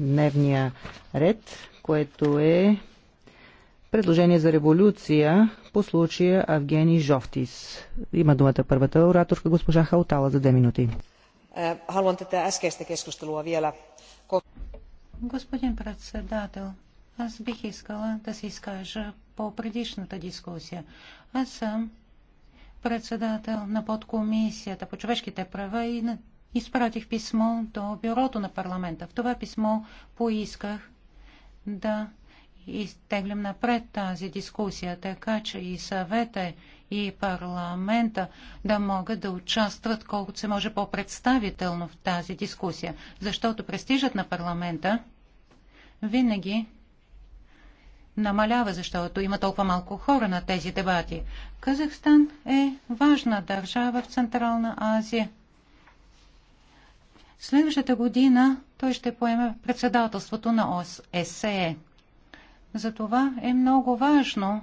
дневния ред, което е предложение за революция по случая Авгени Жовтис. Има думата първата ораторка госпожа Халтала за две минути. Е, Господин председател, аз бих искала да се изкажа по предишната дискусия. Аз съм председател на подкомисията по човешките права и на изпратих писмо до бюрото на парламента. В това писмо поисках да изтеглям напред тази дискусия, така че и съвета, и парламента да могат да участват колкото се може по-представително в тази дискусия, защото престижът на парламента винаги намалява, защото има толкова малко хора на тези дебати. Казахстан е важна държава в Централна Азия Следващата година той ще поеме председателството на ОСЕ. Затова е много важно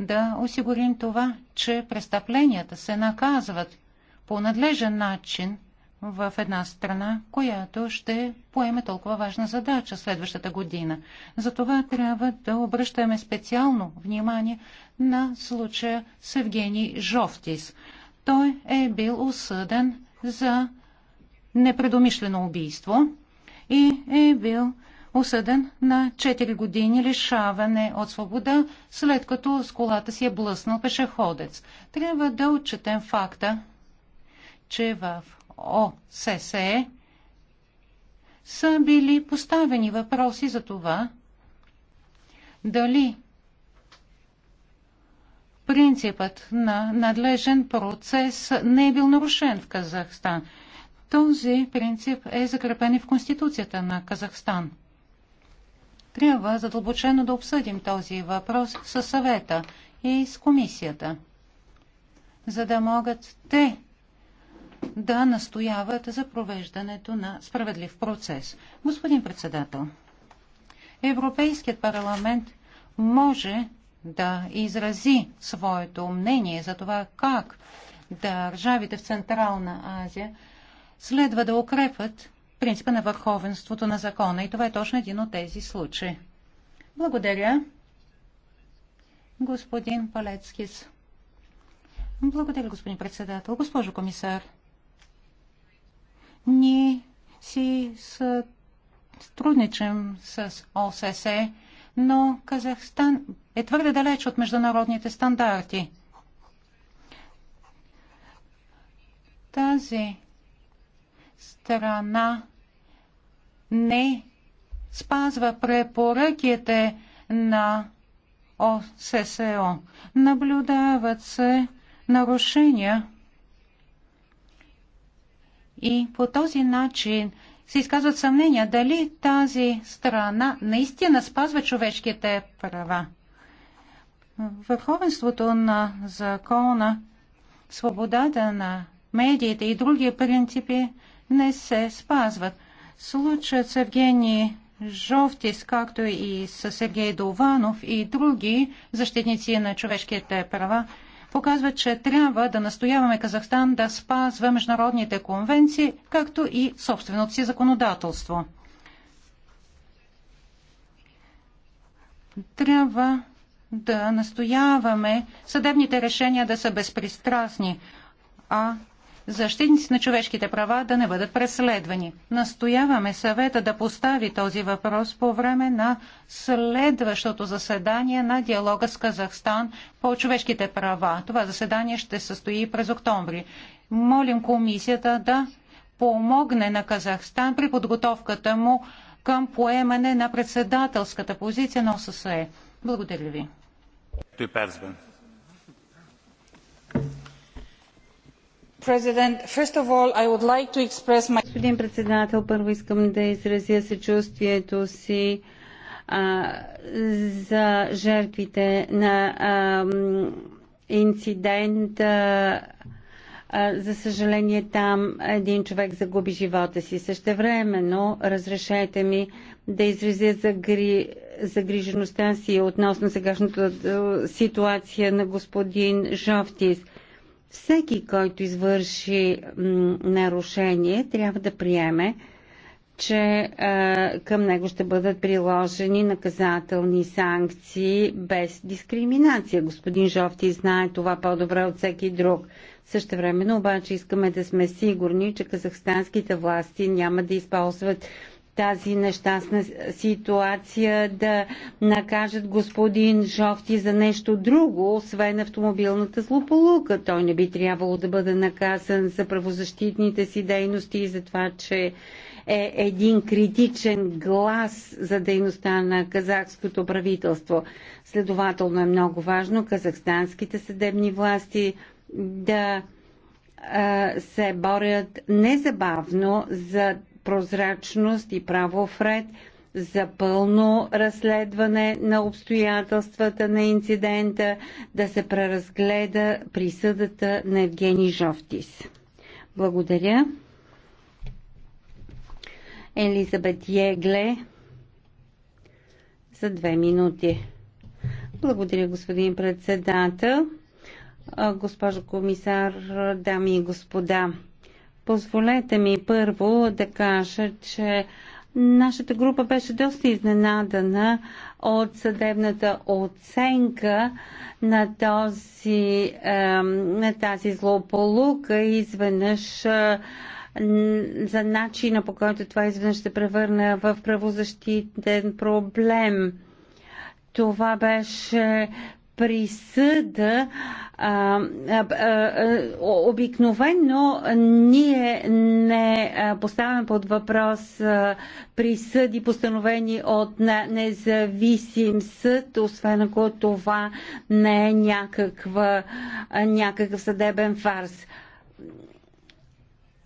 да осигурим това, че престъпленията се наказват по надлежен начин в една страна, която ще поеме толкова важна задача следващата година. Затова трябва да обръщаме специално внимание на случая с Евгений Жовтис. Той е бил осъден за непредомишлено убийство и е бил осъден на 4 години лишаване от свобода, след като с колата си е блъснал пешеходец. Трябва да отчетем факта, че в ОССЕ са били поставени въпроси за това, дали принципът на надлежен процес не е бил нарушен в Казахстан. Този принцип е закрепен и в Конституцията на Казахстан. Трябва задълбочено да обсъдим този въпрос с съвета и с комисията, за да могат те да настояват за провеждането на справедлив процес. Господин председател, Европейският парламент може да изрази своето мнение за това как държавите в Централна Азия следва да укрепват принципа на върховенството на закона. И това е точно един от тези случаи. Благодаря, господин Палецкис. Благодаря, господин председател. Госпожо комисар, ние си сътрудничим с ОССЕ, но Казахстан е твърде далеч от международните стандарти. Тази страна не спазва препоръките на ОССО. Наблюдават се нарушения и по този начин се изказват съмнения дали тази страна наистина спазва човешките права. Върховенството на закона, свободата на медиите и други принципи не се спазват. Случат с Евгений Жовтис, както и с Сергей Дованов и други защитници на човешките права, показват, че трябва да настояваме Казахстан да спазва международните конвенции, както и собственото си законодателство. Трябва да настояваме съдебните решения да са безпристрастни, а защитници на човешките права да не бъдат преследвани. Настояваме съвета да постави този въпрос по време на следващото заседание на диалога с Казахстан по човешките права. Това заседание ще състои през октомври. Молим комисията да помогне на Казахстан при подготовката му към поемане на председателската позиция на ОССЕ. Благодаря ви. Господин председател, първо искам да изразя съчувствието си а, за жертвите на а, за съжаление, там един човек загуби живота си. Същевременно, разрешете ми да изразя загри... загрижеността си относно сегашната ситуация на господин Жовтис – всеки, който извърши нарушение, трябва да приеме, че е, към него ще бъдат приложени наказателни санкции без дискриминация. Господин Жовти знае това по-добре от всеки друг. Също времено обаче искаме да сме сигурни, че казахстанските власти няма да използват тази нещастна ситуация, да накажат господин Жовти за нещо друго, освен автомобилната злополука. Той не би трябвало да бъде наказан за правозащитните си дейности и за това, че е един критичен глас за дейността на казахското правителство. Следователно е много важно казахстанските съдебни власти да се борят незабавно за прозрачност и правов ред за пълно разследване на обстоятелствата на инцидента, да се преразгледа присъдата на Евгений Жовтис. Благодаря. Елизабет Егле за две минути. Благодаря, господин председател. Госпожо комисар, дами и господа. Позволете ми първо да кажа, че нашата група беше доста изненадана от съдебната оценка на, този, на тази злополука изведнъж е, за начина по който това изведнъж се превърна в правозащитен проблем. Това беше присъда а, а, а, обикновенно ние не поставяме под въпрос а, присъди, постановени от независим съд, освен ако това не е някаква, някакъв съдебен фарс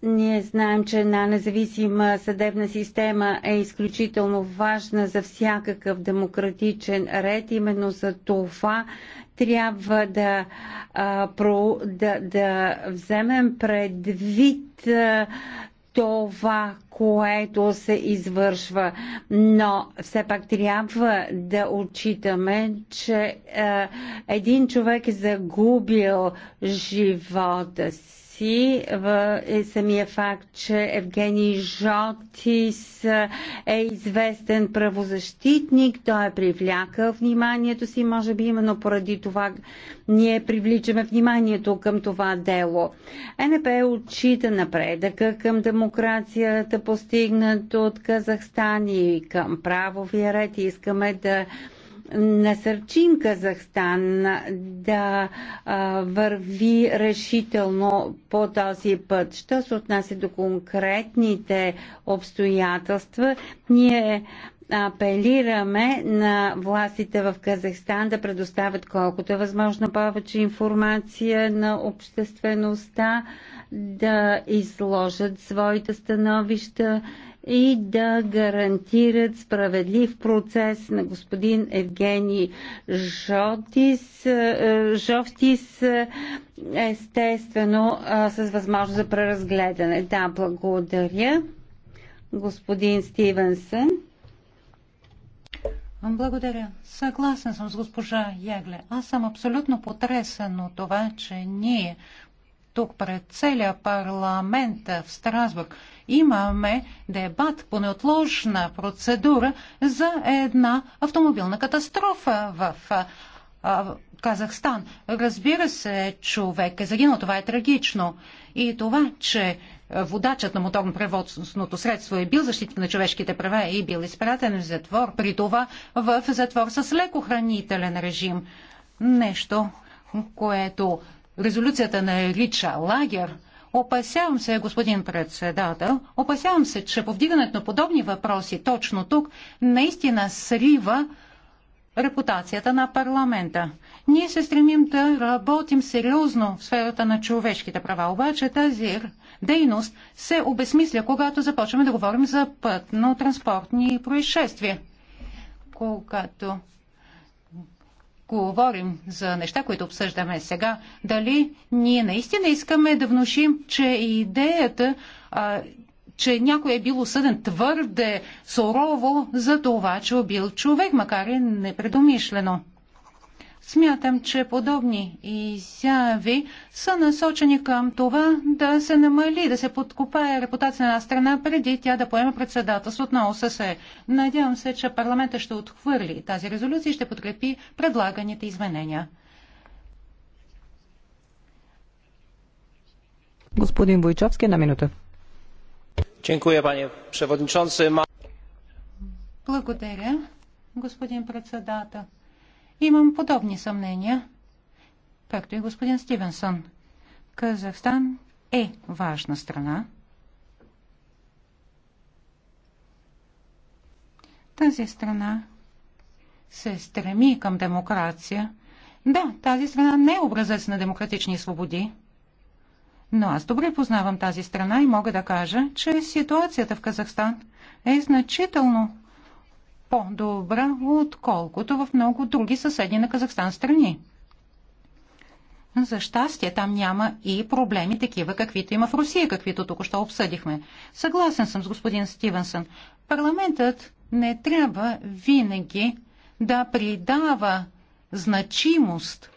ние знаем, че една независима съдебна система е изключително важна за всякакъв демократичен ред. Именно за това трябва да, а, про, да, да вземем предвид а, това, което се извършва. Но все пак трябва да отчитаме, че а, един човек е загубил живота си си в е самия факт, че Евгений Жотис е известен правозащитник. Той е привлякал вниманието си, може би именно поради това ние привличаме вниманието към това дело. Е НП отчита напредъка към демокрацията, постигнат от Казахстан и към правовия ред. Искаме да насърчим Казахстан да а, върви решително по този път. Що се отнася до конкретните обстоятелства, ние апелираме на властите в Казахстан да предоставят колкото е възможно повече информация на обществеността, да изложат своите становища и да гарантират справедлив процес на господин Евгений Жотис, е, Жовтис, естествено е, с възможност за преразгледане. Да, благодаря. Господин Стивенсън. Благодаря. Съгласен съм с госпожа Ягле. Аз съм абсолютно потресен от това, че ние тук пред целия парламент в Страсбург имаме дебат по неотложна процедура за една автомобилна катастрофа в Казахстан. Разбира се, човек е загинал. Това е трагично. И това, че водачът на моторно превозното средство е бил защитник на човешките права и бил изпратен в затвор, при това в затвор с леко хранителен режим. Нещо, което резолюцията нарича лагер. Опасявам се, господин председател, опасявам се, че повдигането на подобни въпроси точно тук наистина срива репутацията на парламента. Ние се стремим да работим сериозно в сферата на човешките права, обаче тази дейност се обесмисля, когато започваме да говорим за пътно-транспортни происшествия. Когато говорим за неща, които обсъждаме сега, дали ние наистина искаме да внушим, че идеята а, че някой е бил осъден твърде сурово за това, че е убил човек, макар и непредумишлено. Смятам, че подобни изяви са насочени към това да се намали, да се подкопае репутация на страна преди тя да поеме председателството на ОССЕ. Надявам се, че парламента ще отхвърли тази резолюция и ще подкрепи предлаганите изменения. Господин Войчовски, една минута. Благодаря, господин председател. Имам подобни съмнения, както и господин Стивенсон. Казахстан е важна страна. Тази страна се стреми към демокрация. Да, тази страна не е образец на демократични свободи – но аз добре познавам тази страна и мога да кажа, че ситуацията в Казахстан е значително по-добра, отколкото в много други съседни на Казахстан страни. За щастие, там няма и проблеми такива, каквито има в Русия, каквито току-що обсъдихме. Съгласен съм с господин Стивенсън. Парламентът не трябва винаги да придава значимост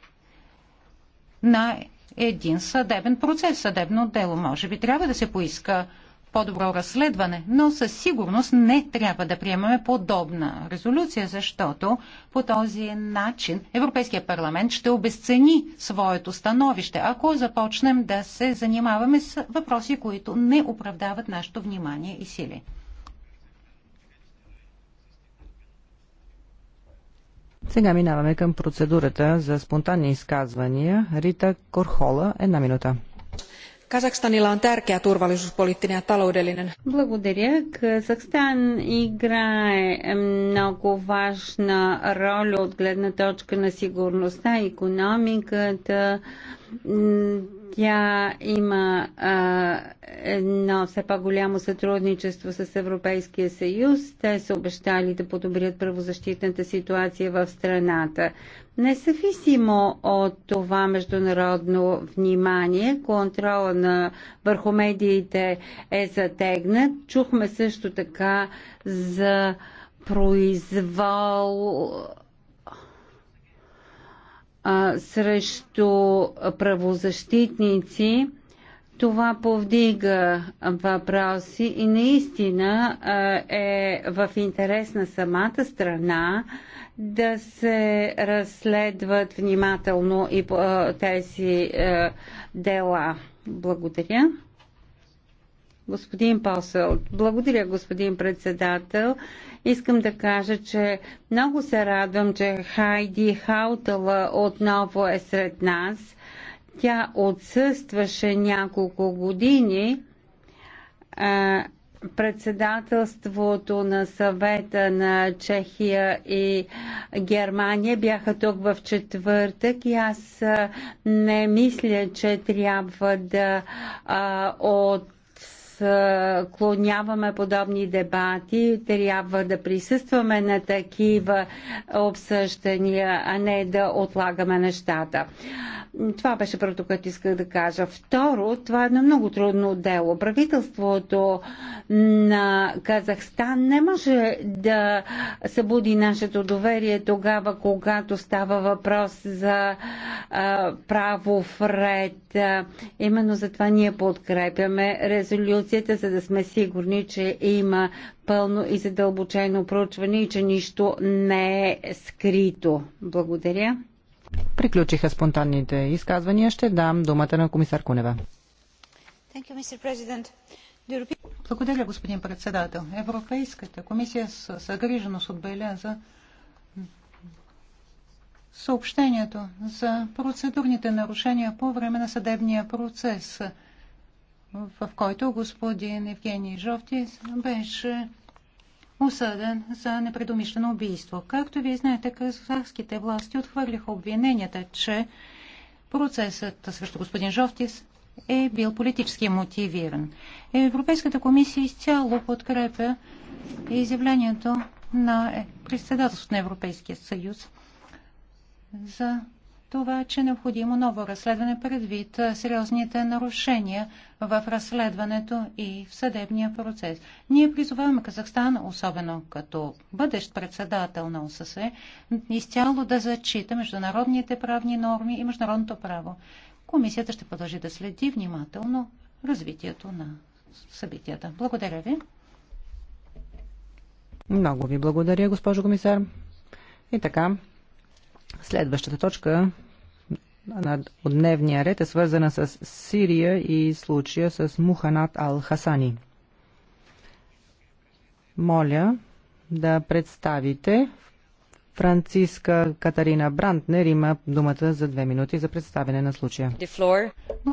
на един съдебен процес, съдебно дело. Може би трябва да се поиска по-добро разследване, но със сигурност не трябва да приемаме подобна резолюция, защото по този начин Европейския парламент ще обесцени своето становище, ако започнем да се занимаваме с въпроси, които не оправдават нашето внимание и сили. Сега минаваме към процедурата за спонтанни изказвания. Рита Корхола, една минута. Казахстанила on tärkeä turvallisuuspoliittinen ja taloudellinen. Благодаря. Казахстан играе много важна роля от гледна точка на сигурността, економиката, тя има а, едно все по-голямо сътрудничество с Европейския съюз. Те са обещали да подобрят правозащитната ситуация в страната. Независимо от това международно внимание, контрола на върху медиите е затегнат. Чухме също така за произвол а, срещу правозащитници, това повдига въпроси и наистина е в интерес на самата страна да се разследват внимателно и тези дела. Благодаря. Господин Посъл, благодаря господин председател. Искам да кажа, че много се радвам, че Хайди Хаутала отново е сред нас. Тя отсъстваше няколко години. Председателството на съвета на Чехия и Германия бяха тук в четвъртък и аз не мисля, че трябва да от отклоняваме подобни дебати, трябва да присъстваме на такива обсъждания, а не да отлагаме нещата. Това беше първото, което исках да кажа. Второ, това е едно много трудно дело. Правителството на Казахстан не може да събуди нашето доверие тогава, когато става въпрос за а, в ред. Именно за това ние подкрепяме резолюцията, за да сме сигурни, че има пълно и задълбочено проучване и че нищо не е скрито. Благодаря. Приключиха спонтанните изказвания. Ще дам думата на комисар Кунева. Благодаря, господин председател. Европейската комисия с загриженост отбеляза съобщението за процедурните нарушения по време на съдебния процес, в който господин Евгений Жовти беше осъден за непредумишлено убийство. Както вие знаете, казахските власти отхвърлиха обвиненията, че процесът срещу господин Жовтис е бил политически мотивиран. Европейската комисия изцяло подкрепя изявлението на председателството на Европейския съюз за това, че е необходимо ново разследване предвид сериозните нарушения в разследването и в съдебния процес. Ние призоваваме Казахстан, особено като бъдещ председател на ОССЕ, изцяло да зачита международните правни норми и международното право. Комисията ще продължи да следи внимателно развитието на събитията. Благодаря ви. Много ви благодаря, госпожо комисар. И така, следващата точка от дневния ред е свързана с Сирия и случая с Муханат Ал-Хасани. Моля да представите Франциска Катарина Брантнер има думата за две минути за представяне на случая.